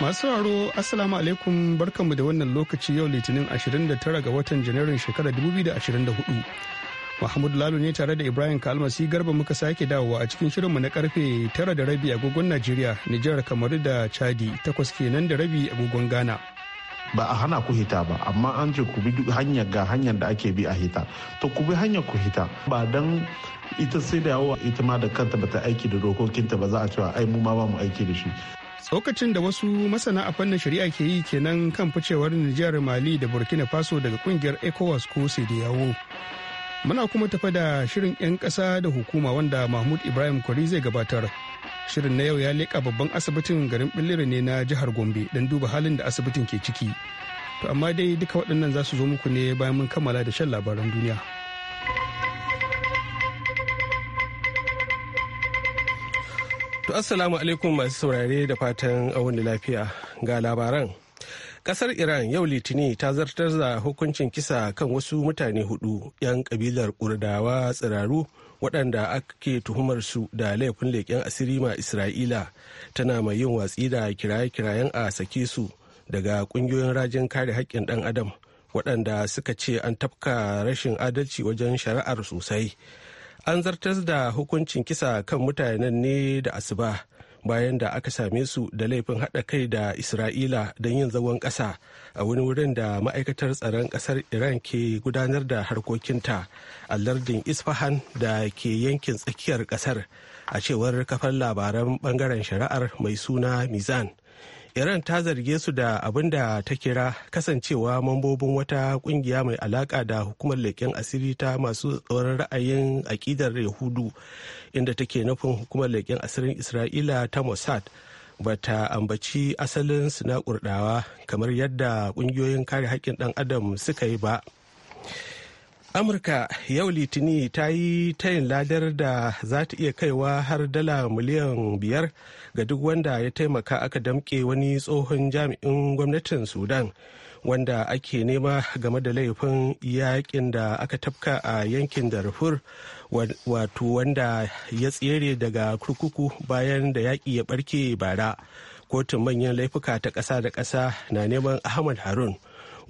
Masu sauraro Assalamu alaikum barkanmu da wannan lokaci yau Litinin 29 ga watan Janairun shekarar 2024. Mahmud lalu ne tare da Ibrahim Kalmasi Garba muka sake dawowa a cikin shirinmu na karfe 9 da rabi agogon Najeriya, Nijar kamar da Chadi, takwas kenan da rabi agogon Ghana. Ba a hana ku hita ba, amma an ce ku bi hanyar ga hanyar da ake bi a hita. To ku bi hanyar ku hita ba dan ita sai da yawa ita ma da kanta bata aiki da dokokinta ba za a cewa ai mu ma ba mu aiki da shi. tsokacin da wasu masana a fannin shari'a ke yi kenan kan ficewar nijar mali da burkina faso daga kungiyar ecowas ko yawo muna kuma tafa da shirin 'yan ƙasa da hukuma wanda mahmud ibrahim kwari zai gabatar shirin na yau ya leƙa babban asibitin garin Bilire ne na jihar gombe don duba halin da asibitin ke ciki to amma dai duka waɗannan za su zo muku ne bayan mun kammala da shan labaran duniya To assalamu alaikum masu saurare da fatan wani lafiya ga labaran. Kasar Iran yau Litini ta zartar da hukuncin kisa kan wasu mutane hudu 'yan kabilar Kurdawa tsiraru waɗanda ake tuhumar su da laifin leƙen asiri ma Isra'ila tana mai yin watsi da kiraye-kirayen a sake su daga ƙungiyoyin rajin kare haƙƙin ɗan adam waɗanda suka ce an tafka rashin adalci wajen shari'ar sosai. an zartar da hukuncin kisa kan mutanen ne da asuba bayan da aka same su da laifin haɗa kai da isra'ila don yin zagon ƙasa a wani wurin da ma'aikatar tsaron ƙasar iran ke gudanar da harkokinta a lardin isfahan da ke yankin tsakiyar ƙasar a cewar kafar labaran bangaren shari'ar mai suna mizan iran ta zarge su da abin da ta kira kasancewa mambobin wata kungiya mai alaka da hukumar leƙen asiri ta masu tsoron ra'ayin aƙidar yahudu inda take nufin hukumar leƙen asirin isra'ila ta mossad ba ta ambaci asalin na kurdawa kamar yadda kungiyoyin kare haƙƙin ɗan adam suka yi ba amurka yau litini ta yi tayin ladar da za ta iya kaiwa har dala miliyan biyar ga duk wanda ya taimaka aka damƙe wani tsohon jami'in gwamnatin sudan wanda ake nema game da laifin yakin da aka tafka a yankin darfur wato wanda ya tsere daga kurkuku bayan da yaƙi ya barke bara kotun manyan laifuka ta ƙasa da ƙasa na neman ahmad harun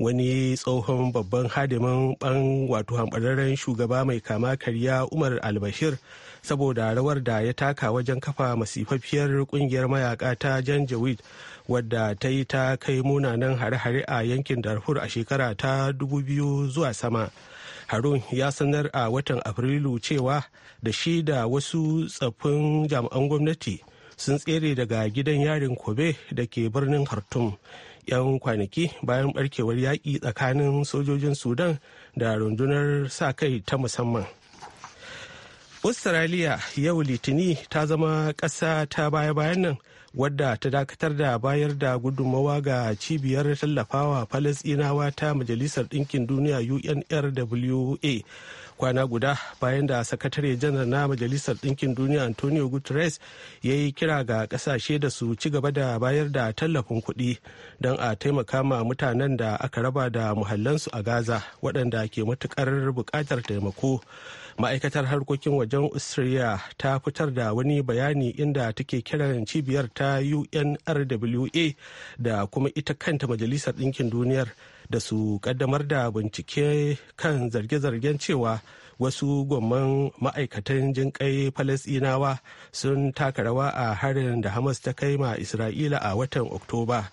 wani tsohon babban hadimin ban wato hambararren shugaba mai kama karya umar albashir saboda rawar da ya taka wajen kafa masifafiyar kungiyar mayaka ta janjaweed wadda ta yi ta kai munanan hare-hare a yankin darfur a shekara ta 2000 zuwa sama harun ya sanar a watan afrilu cewa da shi da wasu tsaffin jami'an gwamnati sun tsere daga gidan yarin kobe da ke birnin hartum 'yan kwanaki bayan barkewar yaƙi tsakanin sojojin sudan da rundunar sa-kai ta musamman australia yau litini ta zama ƙasa ta baya-bayan nan wadda ta dakatar da bayar da gudunmawa ga cibiyar tallafawa falasɗinawa ta majalisar ɗinkin duniya unrwa kwana guda bayan da sakatare janar na majalisar ɗinkin duniya antonio guterres ya yi kira ga ƙasashe da su ci gaba da bayar da tallafin kuɗi don a taimaka ma mutanen da aka raba da muhallansu a gaza waɗanda ke matukar buƙatar taimako ma'aikatar harkokin wajen australia ta fitar da wani bayani inda take kiran cibiyar ta unrwa da kuma ita kanta majalisar ɗinkin duniyar da su ƙaddamar da bincike kan zarge-zargen cewa wasu gwamman ma'aikatan jinƙai falasinawa sun taka rawa a harin da hamas ta kai ma isra'ila a watan oktoba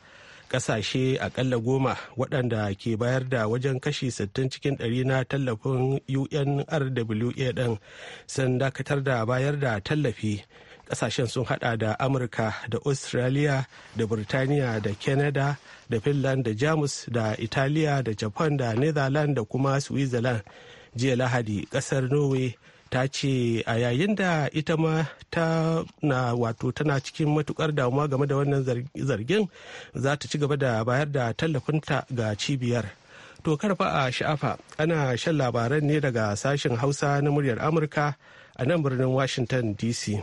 kasashe akalla goma waɗanda ke bayar da wajen kashi 60 cikin ɗari na tallafin unrwa ɗin sun dakatar da bayar da tallafi kasashen sun hada da amurka da australia da burtaniya da canada da finland da jamus da italiya da japan da netherlands da kuma switzerland jiya lahadi kasar norway ta ce a yayin da ita ma ta na wato tana cikin matukar damuwa game da wannan zargin za ta ci gaba da bayar da tallafinta ga cibiyar to karfa a sha'afa ana shan labaran ne daga sashen hausa na muryar amurka a nan birnin washington dc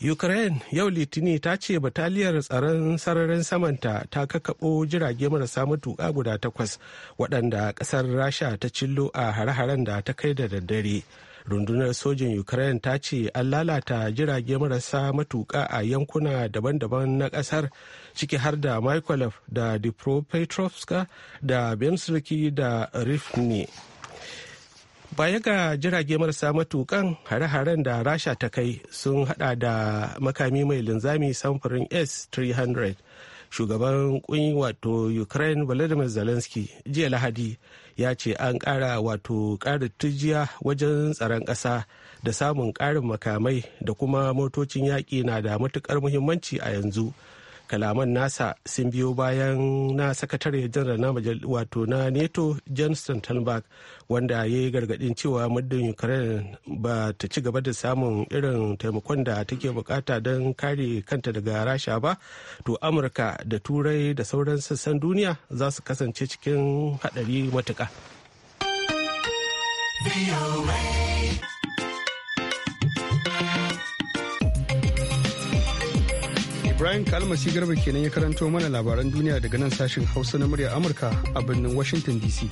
ukraine yau litini ta ce bataliyar tsaron sararin samanta ta kakaɓo jirage marasa matuƙa guda takwas waɗanda ƙasar rasha ta cillo a hare-haren da ta kai da daddare rundunar sojin ukraine ta ce an lalata jirage marasa matuƙa a yankuna daban-daban na ƙasar ciki har da mykolaiv da dipropetrovska da bemsirki da rifne baya ga jirage marasa matukan hare-haren da rasha ta kai sun hada da makami mai linzami samfurin s-300 shugaban kunyi wato ukraine volodymyr zelensky jiya lahadi ya ce an kara wato karin tijiya wajen tsaron ƙasa da samun karin makamai da kuma motocin yaƙi na da matukar muhimmanci a yanzu kalaman nasa sun biyo bayan na sakatare janar na wato na neto john stoltenberg wanda ya yi gargadin cewa muddin ukraine ba ta ci gaba da samun irin taimakon da take bukata don kare kanta daga rasha ba to amurka da turai da sauran sassan duniya za su kasance cikin hadari matuka. Ibrahim Kalmasi Garba kenan ya karanto mana labaran duniya daga nan sashen Hausa na murya Amurka a birnin Washington DC.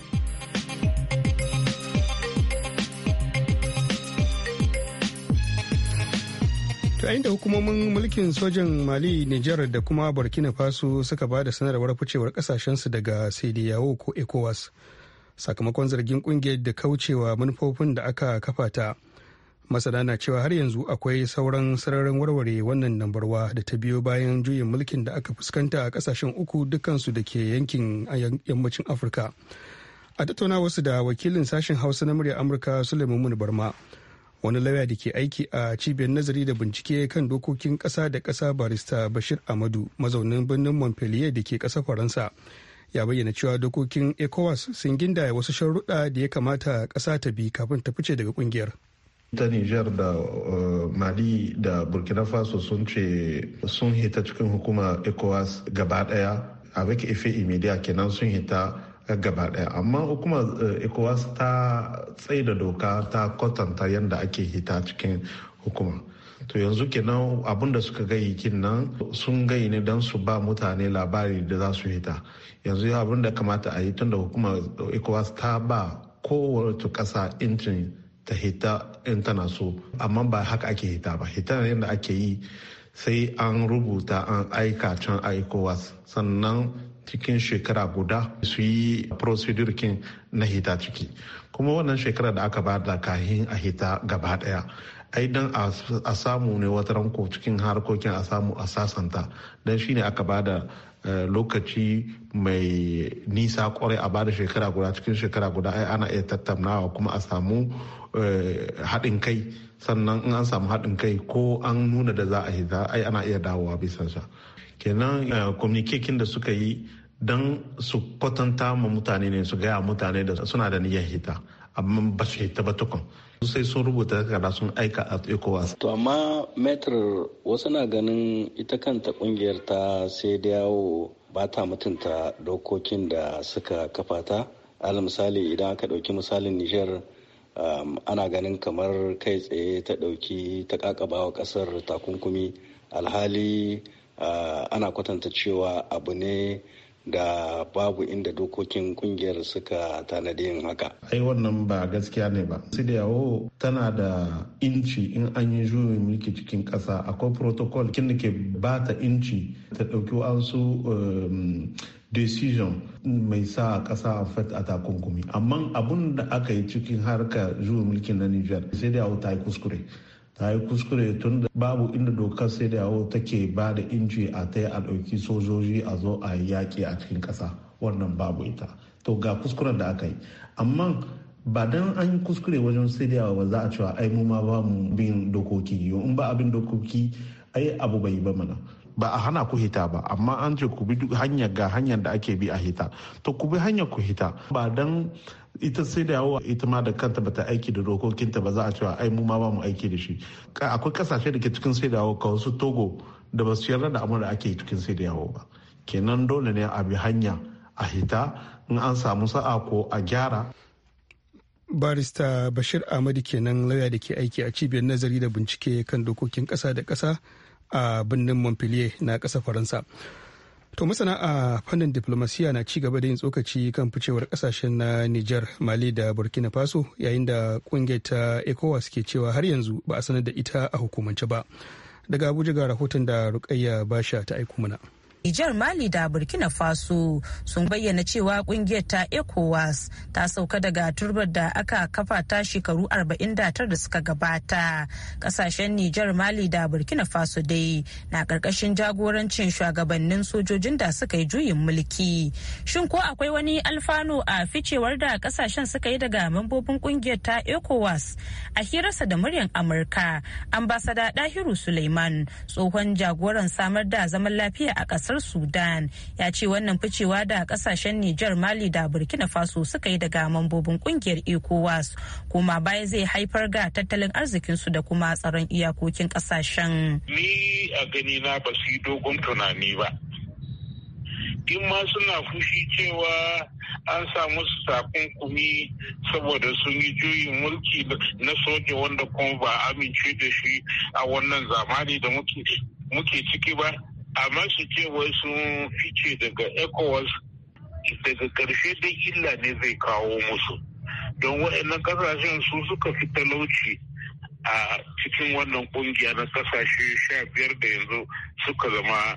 ta inda hukumomin mulkin sojan mali nijar da kuma burkina faso suka ba da sanarwar ficewar kasashensu daga yawo ko ecowas sakamakon zargin kungiyar da kaucewa manufofin da aka kafa ta masana na cewa har yanzu akwai sauran sararin warware wannan nambarwa da ta biyo bayan juyin mulkin da aka fuskanta a kasashen uku dukansu da ke yankin yammacin afirka a tattauna wasu da wakilin sashen hausa na murya amurka suleiman barma wani lauya da ke aiki a cibiyar nazari da bincike kan dokokin kasa da kasa barista bashir amadu mazaunin birnin montpellier da ke kasa faransa ya bayyana cewa dokokin ecowas sun ginda wasu sharuɗa da ya kamata ƙasa ta bi kafin ta fice daga ƙungiyar. ta niger da eh, mali da burkina faso sun ce sun hita cikin hukuma ecowas gaba daya avec effet imediya kenan sun hita gaba daya amma hukuma eh, ecowas ta tsaida doka ta kwatanta yadda ake hita cikin hukuma to yanzu kenan abin da suka gayi nan sun gayi ne don su ba mutane labari da za su hita yanzu abin da kamata a yi tun da hukumar ecowas ta ba kowace ƙasa incin ta hita in tana so amma ba haka ake hita ba hita yadda ake yi sai an rubuta an aika can aikowa sannan cikin shekara guda su yi procedure na hita ciki kuma wannan shekara da aka ba bada kahin a hita gaba daya ai dan a samu ne wata ranko cikin harkokin a samu a sasanta dan shine aka ba da eh, lokaci mai nisa kwarai a ba da shekara guda cikin shekara guda ai ana iya tattaunawa kuma a samu Eh, haɗin kai sannan in an samu haɗin kai ko an nuna da za a yi za a ana iya dawowa bisan sa kenan eh, communication da suka yi don su kwatanta ma mutane ne su gaya mutane da suna da niyyar hita amma ba su hita ba tukun sai sun rubuta takarda sun aika a ecowas to amma metro wasu na ganin ita kanta kungiyar ta sai da yawo ba ta mutunta dokokin da suka kafa ta alal misali idan aka ɗauki misalin nijar. Um, ana ganin kamar kai tsaye ta ɗauki ta ƙaƙabawa kasar takunkumi alhali uh, ana kwatanta cewa abu ne da babu inda dokokin kungiyar suka tanadi yin haka. Ai wannan ba gaskiya ne ba. yawo tana da inci in an yi juyin mulki cikin ƙasa akwai protocol kin ke ba ta inci ta ɗauki wasu um, decision mai sa a ƙasa a a takunkumi amma abun da aka yi cikin harka zuwa mulkin na niger sai da ta yi kuskure ta yi kuskure tun da babu inda dokar sai da yawo take ba da inji a ta yi a sojoji a zo a yaƙi a cikin ƙasa wannan babu ita to ga kuskuren da aka yi amma ba dan an yi kuskure wajen yawo ba za a cewa ai mu ma ba mu bin dokoki yau in ba abin dokoki ai abu bai ba mana ba a hana ku hita ba amma an ce ku bi hanyar ga hanyar da ake bi a hita to ku bi hanyar ku hita ba dan ita sai da yawa ita ma da kanta bata aiki da dokokinta ba za a cewa ai mu ma ba mu aiki da shi akwai kasashe da ke cikin sai da yawa ka wasu togo da ba su yarda da amur da ake cikin sai da yawa ba kenan dole ne a bi hanya a hita in an samu sa'a ko a gyara barista bashir ahmadu kenan lauya da ke aiki a cibiyar nazari da bincike kan dokokin kasa da kasa a birnin montpellier na ƙasar faransa to masana a fannin diplomasiya na ci gaba da yin tsokaci kan ficewar ƙasashen na niger mali da burkina faso yayin da ƙungiyar ta ecowas ke cewa har yanzu ba a sanar da ita a hukumance ba daga abuja ga rahoton da rukayya basha ta aiko mana Nijar Mali da Burkina Faso sun bayyana cewa kungiyar ta ECOWAS ta sauka daga turbar da aka kafa ta shekaru 49 da suka gabata. Kasashen Nijar Mali da Burkina Faso dai na karkashin jagorancin shugabannin sojojin da suka yi juyin mulki. Shin ko akwai wani alfano a ficewar da kasashen suka yi daga mambobin kungiyar ta ECOWAS? A hirarsa da muryar Amurka, ambasada Dahiru Suleiman tsohon jagoran samar da zaman lafiya a ƙasar kasar sudan ya ce wannan ficewa da kasashen niger mali da burkina faso suka yi daga mambobin kungiyar ecowas kuma baya zai haifar ga tattalin arzikinsu da kuma tsaron iyakokin kasashen ni a gani na ba su yi dogon tunani ba in ma suna fushi cewa an samu su kumi saboda sun yi juyin mulki na soja wanda kuma ba amince da shi a wannan zamani da muke ciki ba amma su ce wai sun fice daga ecowas daga ƙarshe dai illa ne zai kawo musu don waɗannan ƙasashen su suka fi talauci a cikin wannan ƙungiya na ƙasashe sha biyar da yanzu suka zama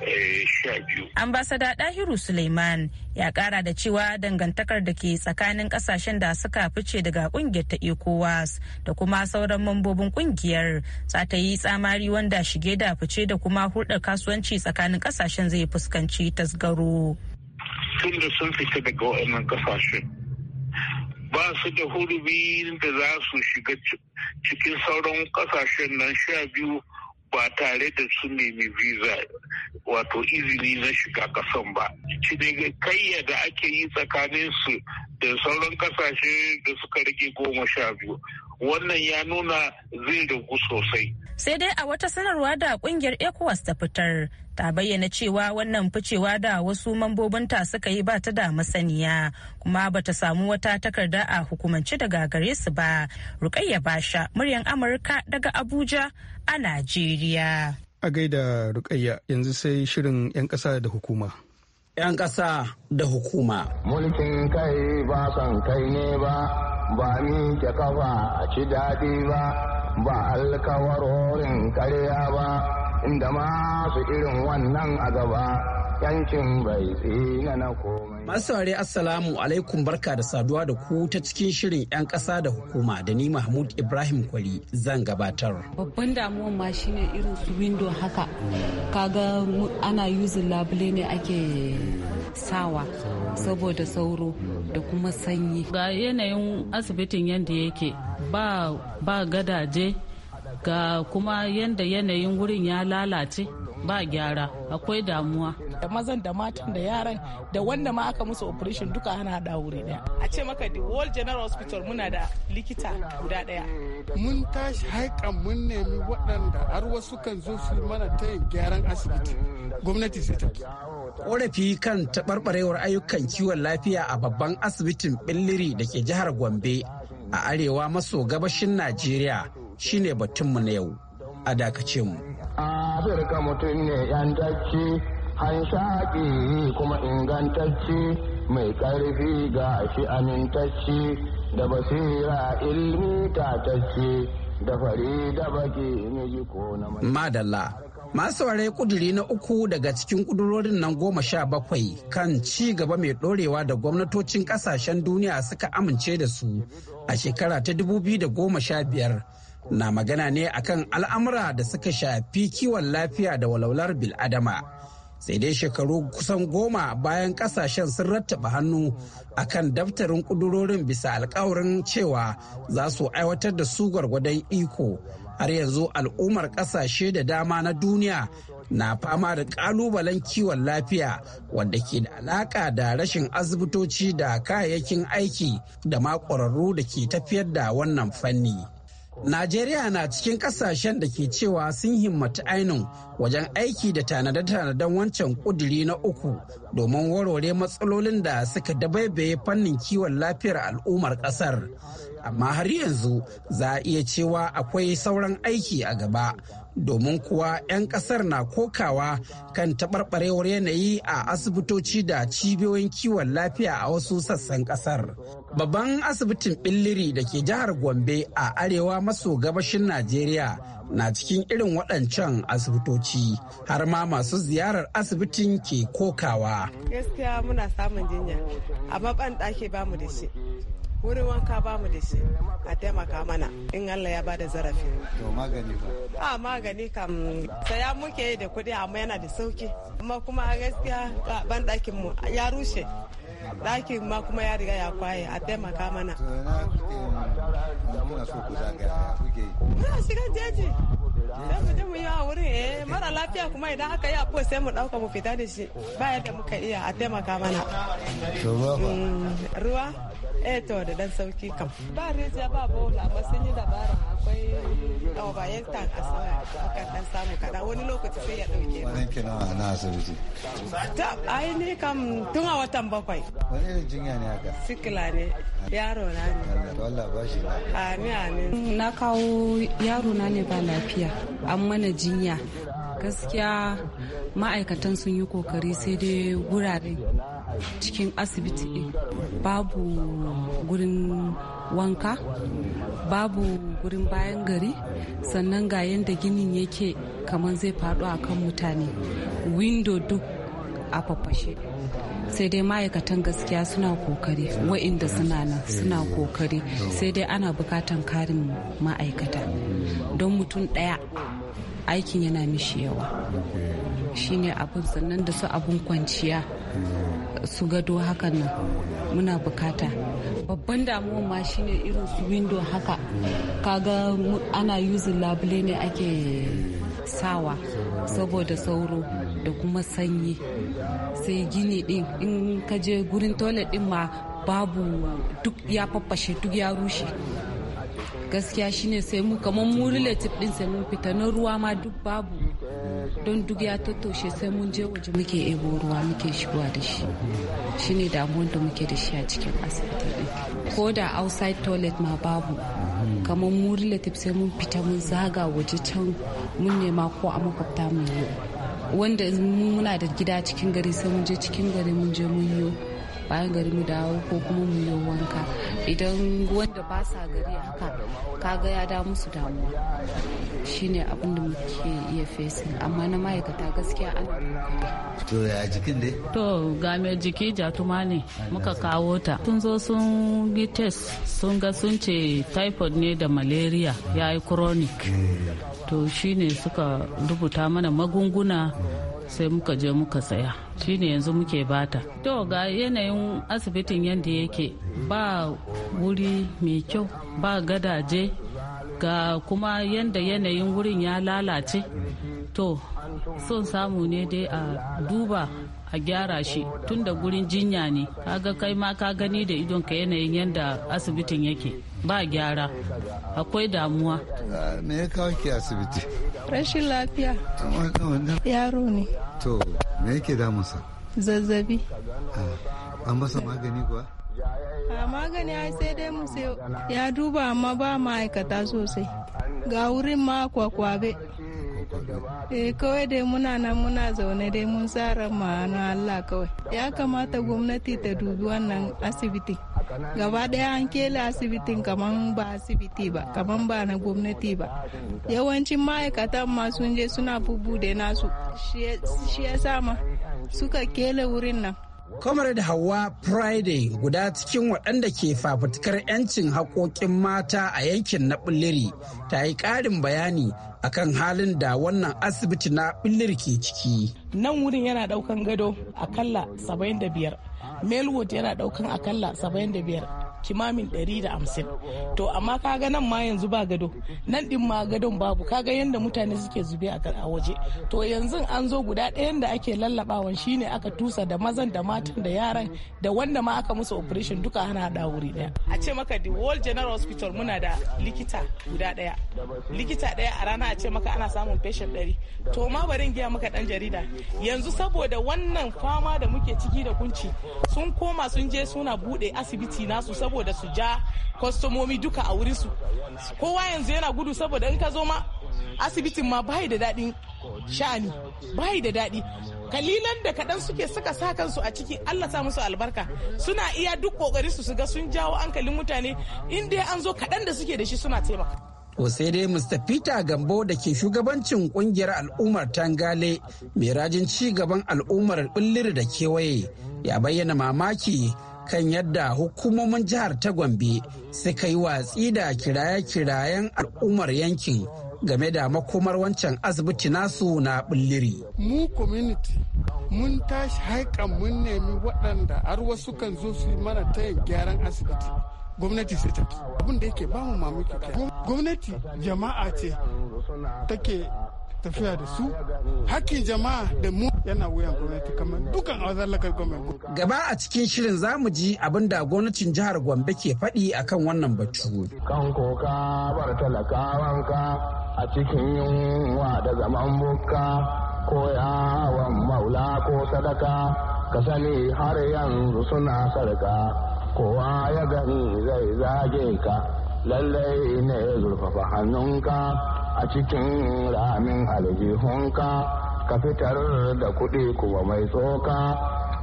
Eh, sha biyu. Ambasada Dahiru Suleiman ya kara da cewa dangantakar da ke tsakanin kasashen da suka fice daga kungiyar ta ECOWAS da kuma sauran mambobin kungiyar za ta yi tsamari wanda shige da fice da kuma hulɗar kasuwanci tsakanin kasashen zai fuskanci tasgaro. Tun da sun fita daga wa'annan kasashen ba su da hurubi da za su shiga cikin sauran kasashen nan sha biyu ba tare da su nemi visa wato izini na shiga kasan ba shi ne kayya da ake yi tsakanin su da sauran kasashe da suka rage goma sha biyu wannan ya nuna zai ragu sosai. Sai dai a wata sanarwa da kungiyar ECOWAS ta fitar ta bayyana cewa wannan ficewa da wasu mambobinta suka yi ba ta da masaniya kuma ba ta samu wata takarda a hukumance daga gare su ba. Rukayya Basha muryan Amurka daga Abuja a Najeriya. A gaida Rukayya yanzu sai shirin 'yan ƙasa da hukuma. 'yan ƙasa da hukuma. Mulkin kai ba san kai ne ba, ba ni ke kafa a ci daɗi ba, ba alkawarorin karya ba, inda masu irin wannan a gaba. yankin bai tsina na komai. Masu saurare Assalamu alaikum barka da saduwa da ku ta cikin shirin 'yan ƙasa da hukuma da ni Mahmud Ibrahim Kwari zan gabatar. Babban damuwan ma shine irin su window haka. Kaga ana yuzin labule ne ake sawa saboda sauro da kuma sanyi. Ga yanayin asibitin yadda yake ba, ba gadaje ga kuma yadda yanayin wurin ya lalace. ba gyara akwai damuwa da mazan da matan da yaran da wanda ma aka musu operation duka ana da wuri daya a ce maka the world general hospital muna da likita guda daya mun tashi haikan mun nemi waɗanda har wasu kan zo su mana ta gyaran asibiti gwamnati sai ta ƙorafi kan taɓarɓarewar ayyukan kiwon lafiya a babban asibitin billiri da ke jihar gombe a arewa maso gabashin najeriya shine batunmu na yau a dakace mu Afirka mutum ne yantacce, hanshaƙi kuma ingantacce, mai ƙarfi ga shi amintacce, da basira ilmi tatacce, da fari da baki miji ko na Madalla. Masu ware kuduri na uku daga cikin kudurorin nan goma sha bakwai kan ci gaba mai dorewa da gwamnatocin kasashen duniya suka amince da su a shekara ta dubu biyu da goma sha biyar. na magana ne akan al'amura da suka shafi kiwon lafiya da walwalar bil'adama sai dai shekaru kusan goma bayan kasashen sun rattaba hannu akan daftarin kudurorin bisa alkawarin cewa za su aiwatar da su gwargwadon iko har yanzu al'ummar kasashe da dama na duniya na fama da kalubalen kiwon lafiya wanda ke da alaka da rashin asibitoci da kayayyakin aiki da ma da ke tafiyar da wannan fanni. Najeriya na cikin kasashen da ke cewa sun himmatu ainihin wajen aiki da tanade-tanaden wancan kuduri na uku domin warware matsalolin da suka dabaibaye fannin kiwon lafiyar al'ummar kasar. Amma har yanzu za a iya cewa akwai sauran aiki a gaba domin kuwa 'yan kasar na kokawa kan taɓarɓarewar yanayi a asibitoci da cibiyoyin kiwon lafiya a wasu sassan kasar. Babban asibitin Billiri da ke jihar Gombe a arewa maso gabashin Najeriya na cikin irin waɗancan asibitoci har ma masu ziyarar asibitin ke kokawa. Gaskiya muna samun jinya, amma ban ɗaki ba mu da shi. wurin wanka ba mu da shi a taimaka mana in Allah ya bada zarafi. To magani ba? A magani kam saya muke yi da kuɗi amma yana da sauki. Amma kuma gaskiya ban ɗakin mu ya rushe. ɗakin ma kuma ya riga ya kwaye a taimaka mana muna shiga jeji lafiya kuma idan aka yi afuwa sai mu ɗauka mu fita da shi ba yadda muka iya a taimaka mana. Mm, ruwa? Eh to da dan sauki kam. Ba rijiya ba bola amma sun yi dabara akwai bayan tan a sama akan dan samu kaɗan wani lokaci sai ya ɗauke. Wani kina na asibiti? Ta ai ni kam tun a watan bakwai. Wani irin jinya ne haka? Sikila ne yaro na ne. wala ba shi na. Amin amin. Na kawo yaro na ne ba lafiya an mana jinya gaskiya ma'aikatan sun yi kokari sai dai wurare cikin asibiti babu gurin wanka babu gurin bayan gari sannan ga yadda ginin yake kamar zai faɗo a kan mutane windo duk a fafashe sai dai ma'aikatan gaskiya suna kokari wa'inda suna nan suna kokari sai dai ana bukatan karin ma'aikata don mutum ɗaya aikin yana mishi yawa shine abin sannan da su abin kwanciya su gado hakan nan muna bukata babban damuwa ma shine irin su window haka kaga ana yuzin labule ne ake sawa saboda sauro da kuma sanyi sai gini din in kaje gurin toilet din ma babu duk ya faffashe duk ya rushe gaskiya shine sai mu kamar mu relative din sai mun fita na ruwa ma duk babu don duk ya tattaushe sai mun je waje muke ebo ruwa muke shigowa da shi shine damuwan da muke da shi a cikin asibiti din ko da outside toilet ma babu kamar mu relative sai mun fita mun zaga waje can mun nema ko a makwabta mu yi wanda muna da gida cikin gari sai mun je cikin gari mun je mun yi bayan gari mu dawo ko kuma mu yi wanka idan wanda ba sa gari haka kaga ya da musu damuwa shine abin da muke iya fesin amma na ma'aikata gaskiya an to ya jikin dai to ga mai jiki jatuma ne muka kawo ta tun zo sun yi test sun ga sun ce typhoid ne da malaria ya yi chronic to shine suka rubuta mana magunguna sai muka je muka saya shine yanzu muke bata to ga yanayin asibitin yadda yake ba wuri mai kyau ba gadaje ga kuma yadda yanayin wurin ya lalace to son samu ne dai a duba a gyara shi tun da gurin jinya ne ka ga kai ma ka gani da idonka yanayin yadda asibitin yake ba gyara akwai damuwa me ya kawo ki asibiti rashin lafiya yaro ne to me yake damunsa zazzabi ah, an masa magani kuwa a magani ai sai dai mu sai ya duba amma ba ma'aikata sosai ga wurin ma kwakwabe eh kawai dai muna nan muna zaune dai mun tsara ma'ana Allah kawai ya kamata gwamnati ta dubi wannan asibiti gaba daya an kela asibitin kaman ba asibiti ba kaman ba na gwamnati ba yawancin ma'aikatan masu je suna bubu da nasu shi ya sama suka kela wurin nan Comrade Hawa Friday guda cikin waɗanda ke fafutukar 'yancin haƙoƙin mata a yankin na Bulliri ta yi ƙarin bayani akan halin da wannan asibiti na Bulliri ke ciki. Nan wurin yana ɗaukan gado akalla 75, Melwood yana ɗaukan akalla 75. kimamin 150 to amma kaga nan ma yanzu ba gado nan din ma gadon babu kaga yadda mutane suke zube a waje to yanzu an zo guda ɗayan da ake lallabawan shine aka tusa da mazan da matan da yaran da wanda ma aka musu operation duka ana hada wuri daya a ce maka the world general hospital muna da likita guda daya likita daya a rana a ce maka ana samun patient ɗari to ma barin in gaya maka ɗan jarida yanzu saboda wannan fama da muke ciki da kunci sun koma sun je suna buɗe asibiti nasu saboda su ja kwastomomi duka a wurin kowa yanzu yana gudu saboda in ka zo ma asibitin ma bai da daɗin shani bai da daɗi kalilan da kaɗan suke suka sa kansu a ciki Allah sa musu albarka suna iya duk kokari su ga sun jawo hankalin mutane inda an zo kaɗan da suke da shi suna taimaka. To sai dai Mr. Peter Gambo da ke shugabancin kungiyar al'ummar Tangale mai rajin ci gaban al'ummar Bullir da kewaye ya bayyana mamaki kan yadda hukumomin jihar ta Gombe suka yi watsi da kiraye-kirayen al'ummar yankin game da makomar wancan asibiti nasu na bulliri. Mu community mun tashi haikan mun nemi waɗanda har wasu kan zo su mana tayin gyaran asibiti. Gwamnati sai ta abin da yake ba mu mamaki Gwamnati jama'a ce take tafiya da su jama'a da mu yana wuyan gwamnati kamar dukan gwamnati. Gaba a cikin shirin za mu ji abin da gwamnatin jihar Gombe ke faɗi akan wannan batu. Kan koka bar talakawanka a cikin yunwa da zaman ko yawon maula ko sadaka ka sani har yanzu suna sarka kowa ya gani zai zage ka lallai ne zurfafa hannunka a cikin ramin aljihunka ka fitar da kuɗi kuma mai tsoka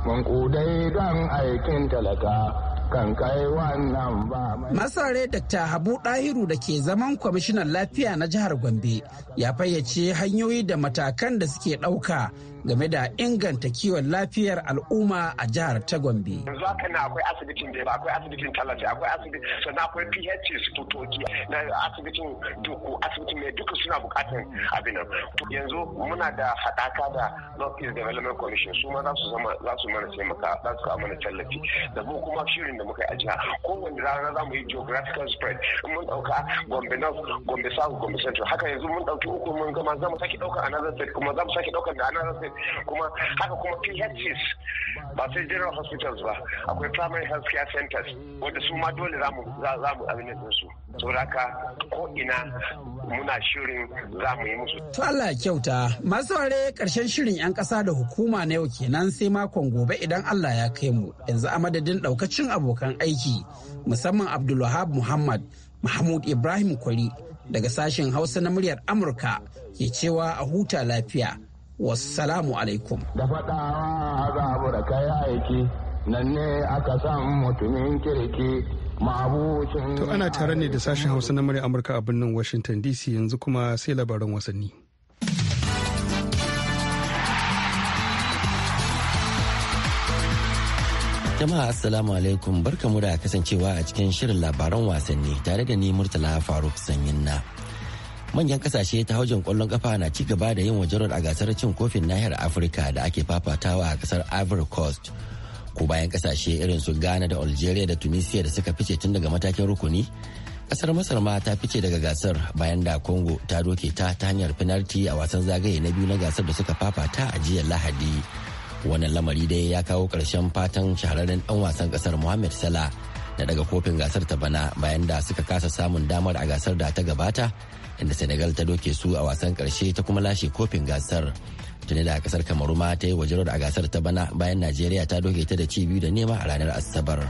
mankudai don aikin talaka kan kai wannan ba mai masare dr habu ɗahiru da ke zaman kwamishinan lafiya na jihar gombe ya fayyace hanyoyi da matakan da suke ɗauka game da inganta kiwon lafiyar al'umma a jihar ta Gombe. Yanzu haka na akwai asibitin Beba, akwai asibitin Talaji, akwai asibitin sannan akwai PHC Sutoki, na asibitin Duku, asibitin mai duka suna bukatar abin Yanzu muna da haɗaka da North East Development Commission su ma za su zama za su mana taimaka za su kawo mana tallafi da mu kuma shirin da muka yi a jiha kowanne rana za mu yi geographical spread mun dauka Gombe North, Gombe South, Gombe Central haka yanzu mun ɗauki uku mun gama za mu sake dauka another state kuma za mu sake ɗaukar da another state kuma haka kuma phcs ba sai general hospitals ba akwai primary health care centers wanda su ma dole za mu za mu abin su saboda haka ko ina muna shirin za mu yi musu to Allah ya kyauta masu ware karshen shirin yan kasa da hukuma na yau kenan sai makon gobe idan Allah ya kai mu yanzu a madadin daukacin abokan aiki musamman Abdulwahab Muhammad Mahmud Ibrahim Kwari daga sashen Hausa na muryar Amurka ke cewa a huta lafiya wassalamu alaikum da faɗawa za da kai aiki nan ne aka san mutumin kirki mabucin to ana tare ne da sashen hausa na murya amurka a birnin washington dc yanzu kuma sai labaran wasanni jama'a assalamu alaikum barkamu da kasancewa a cikin shirin labaran wasanni tare da ni murtala faruk sanyin na manyan kasashe ta haujin kwallon kafa na ci gaba da yin wajarar a gasar cin kofin nahiyar afirka da ake fafatawa a kasar ivory coast ko bayan kasashe irin su ghana da algeria da tunisia da suka fice tun daga matakin rukuni kasar masar ma ta fice daga gasar bayan da congo ta doke ta ta hanyar penalty a wasan zagaye na biyu na gasar da suka fafata a jiya lahadi wannan lamari dai ya kawo karshen fatan shahararren dan wasan kasar mohamed salah na daga kofin gasar ta bana bayan da suka kasa samun damar a gasar da ta gabata inda senegal ta doke su a wasan karshe ta kuma lashe kofin gasar tuni da kasar kamaru ma ta yi wajen a gasar ta bana bayan najeriya ta doke ta da ci biyu da nema a ranar asabar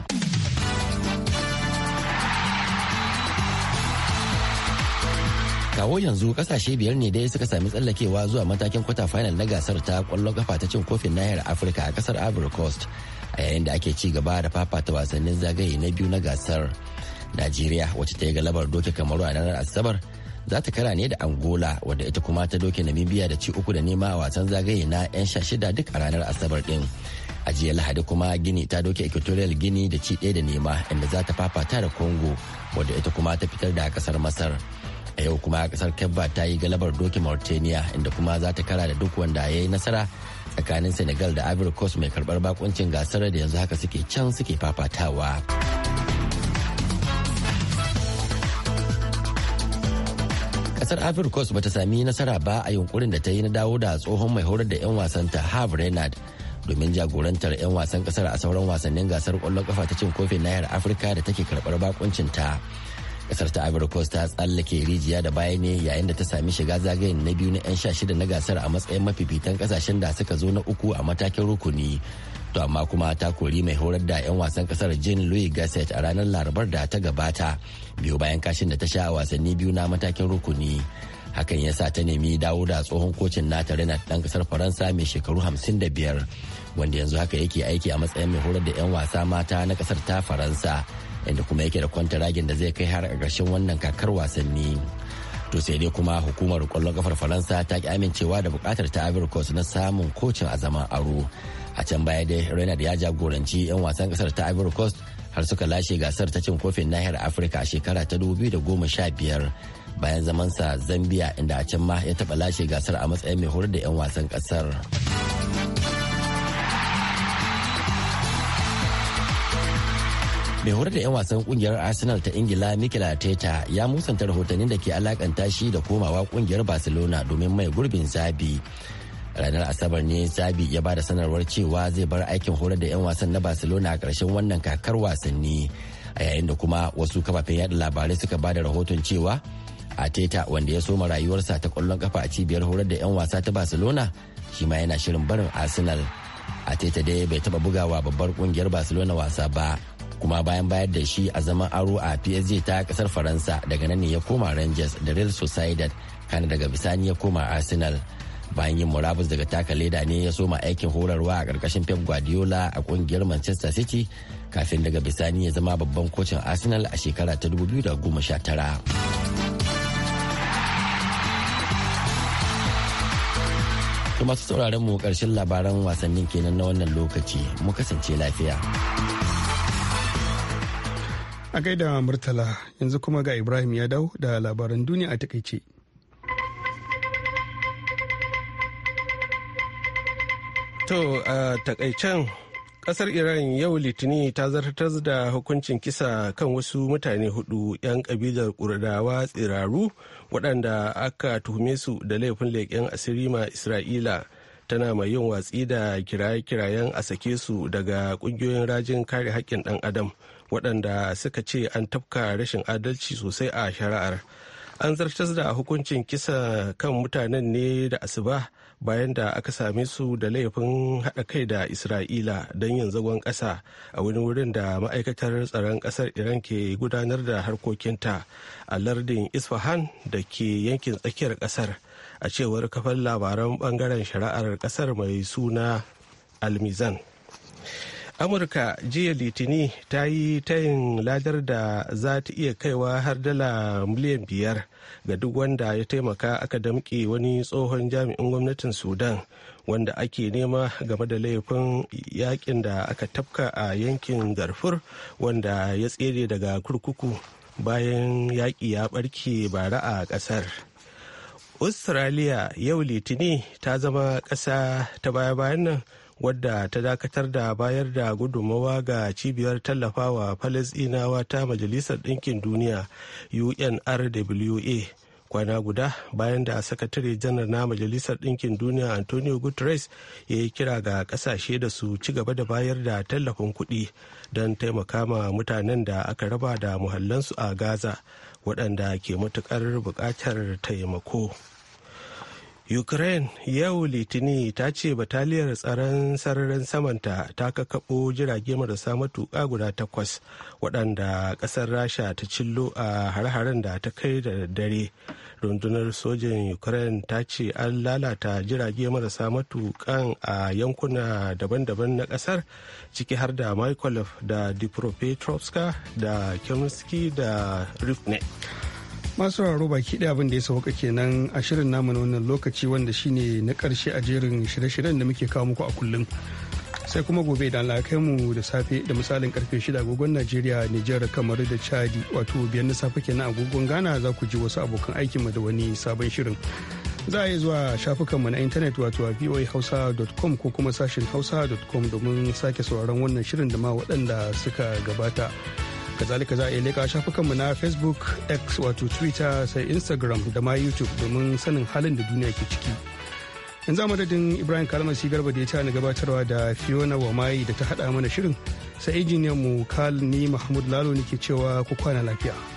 kawo yanzu kasashe biyar ne dai suka sami tsallakewa zuwa matakin kwata final na gasar ta kwallon kafa ta cin kofin nahiyar afirka a kasar ivory coast a yayin da ake ci gaba da fafata wasannin zagaye na biyu na gasar najeriya wacce ta yi galabar doke kamaru a ranar asabar za ta kara ne da angola wadda ita kuma ta doke namibia da ci uku da nema a wasan zagaye na 'yan sha shida duk a ranar asabar din a jiya lahadi kuma gini ta doke equatorial gini da ci ɗaya da nema inda za ta fafata da congo wadda ita kuma ta fitar da kasar masar a yau kuma kasar kebba ta yi galabar doke mauritania inda kuma za ta kara da duk wanda ya yi nasara tsakanin senegal da ivory coast mai karbar bakuncin gasar da yanzu haka suke can suke fafatawa. kasar ivory coast bata sami nasara ba a yunkurin da ta yi na dawo da tsohon mai horar da 'yan wasan ta harv renard domin jagorantar 'yan wasan kasar a sauran wasannin gasar kwallon kafa ta cin kofin nahiyar afirka da take karbar bakuncin ta kasar ta ivory coast ta tsallake rijiya da baya ne yayin da ta sami shiga zagayen na biyu na 'yan sha shida na gasar a matsayin mafifitan kasashen da suka zo na uku a matakin rukuni to amma kuma ta kori mai horar da 'yan wasan kasar jean louis gasset a ranar larabar da ta gabata biyu bayan kashin da ta sha a wasanni biyu na matakin rukuni hakan ya sa ta nemi dawo da tsohon kocin nata renat dan kasar faransa mai shekaru 55 wanda yanzu haka yake aiki a matsayin mai horar da 'yan wasa mata na kasar ta faransa inda kuma yake da kwantaragin da zai kai har a ƙarshen wannan kakar wasanni to sai dai kuma hukumar kwallon kafar faransa ta ki amincewa da bukatar ta na samun kocin a zaman aro a can baya dai reynard ya jagoranci 'yan wasan kasar ta ivory coast har suka lashe gasar ta cin kofin nahiyar afirka a shekara ta 2015 bayan zamansa zambia inda a can ma ya taba lashe gasar a matsayin mai horar da 'yan wasan kasar. mai horar da 'yan wasan kungiyar arsenal ta ingila mikel arteta ya musanta rahotannin da ke alakanta shi da komawa kungiyar barcelona domin mai gurbin zabi ranar asabar ne sabi ya ba da sanarwar cewa zai bar aikin horar da 'yan wasan na barcelona a karshen wannan kakar wasanni a yayin da kuma wasu kafafen yada labarai suka ba da rahoton cewa ateta wanda ya soma rayuwarsa ta kwallon kafa a cibiyar horar da 'yan wasa ta barcelona shi ma yana shirin barin arsenal ateta dai bai taba bugawa babbar kungiyar barcelona wasa ba kuma bayan bayar da shi a zaman aro a psg ta kasar faransa daga nan ne ya koma rangers da real sociedad kana daga bisani ya koma arsenal bayan yin murabus daga taka leda ne ya soma aikin horarwa a ƙarƙashin pep guardiola a ƙungiyar manchester city kafin daga bisani ya zama babban kocin arsenal a shekara ta 2019 su sauraron mu karshen labaran wasannin kenan na wannan lokaci mu kasance lafiya. A gaida Murtala yanzu kuma ga Ibrahim ya dawo da labaran duniya a takaice. To a takaicen kasar Iran yau litini ta zartar da hukuncin kisa kan wasu mutane hudu 'yan kabilar kurdawa tsiraru waɗanda aka tuhume su da laifin leƙen asiri ma Isra'ila tana mai yin watsi da kiraye-kirayen a sake su daga ƙungiyoyin rajin kare haƙƙin ɗan adam waɗanda suka ce an tafka rashin adalci sosai a shari'ar. an zartar da hukuncin kisa kan mutanen ne da asuba bayan da aka same su da laifin haɗa kai da isra'ila don yin zagon ƙasa a wani wurin da ma'aikatar tsaron ƙasar iran ke gudanar da harkokinta a lardin isfahan da ke yankin tsakiyar ƙasar a cewar kafar labaran ɓangaren shari'ar ƙasar mai suna almizan amurka jiya litini ta yi tayin ladar da za ta iya kaiwa har dala miliyan biyar ga duk wanda ya taimaka aka damƙe wani tsohon jami'in gwamnatin sudan wanda ake nema game da laifin yakin da aka tafka a yankin garfur wanda ya tsere daga kurkuku bayan yaƙi ya ɓarke bara a ƙasar australia yau litini ta zama ƙasa ta baya-bayan nan wadda ta dakatar da bayar da gudummawa ga cibiyar tallafawa falasɗinawa ta majalisar ɗinkin duniya unrwa kwana guda bayan da sakatare janar na majalisar ɗinkin duniya antonio guterres ya yi kira ga ƙasashe da su ci gaba da bayar da tallafin kuɗi don taimaka ma mutanen da aka raba da muhallansu a gaza waɗanda ke matuƙar buƙatar taimako. ukraine yau litini ta ce bataliyar tsaron sararin samanta ta kakaɓo jirage marasa matuƙa guda takwas waɗanda ƙasar rasha ta cillo a har haren da ta kai da dare rundunar sojin ukraine ta ce an lalata jirage marasa matuƙan a yankuna daban-daban na ƙasar ciki har da mykolaiv da dipropetrovska da kemsky da rivne masu raro baki ɗaya abin da ya sauka kenan a shirin namu na wannan lokaci wanda shine na karshe a jerin shirye-shiryen da muke kawo muku a kullum sai kuma gobe da kai mu da safe da misalin karfe shida agogon najeriya niger kamar da chadi wato biyar na safe kenan agogon ghana za ku ji wasu abokan mu da wani sabon shirin za a yi zuwa shafukanmu na intanet wato a voahausa.com ko kuma sashin hausa.com domin sake sauraron wannan shirin da ma waɗanda suka gabata. kazalika za a iya leƙa shafukanmu na facebook x wato twitter sai instagram da ma youtube domin sanin halin da duniya ke ciki yanzu madadin ibrahim kalmasi garba da ya ta gabatarwa da fiona wamai da ta haɗa mana shirin sai injiniyan mu kal ni mahmud lalo ne ke cewa ku kwana lafiya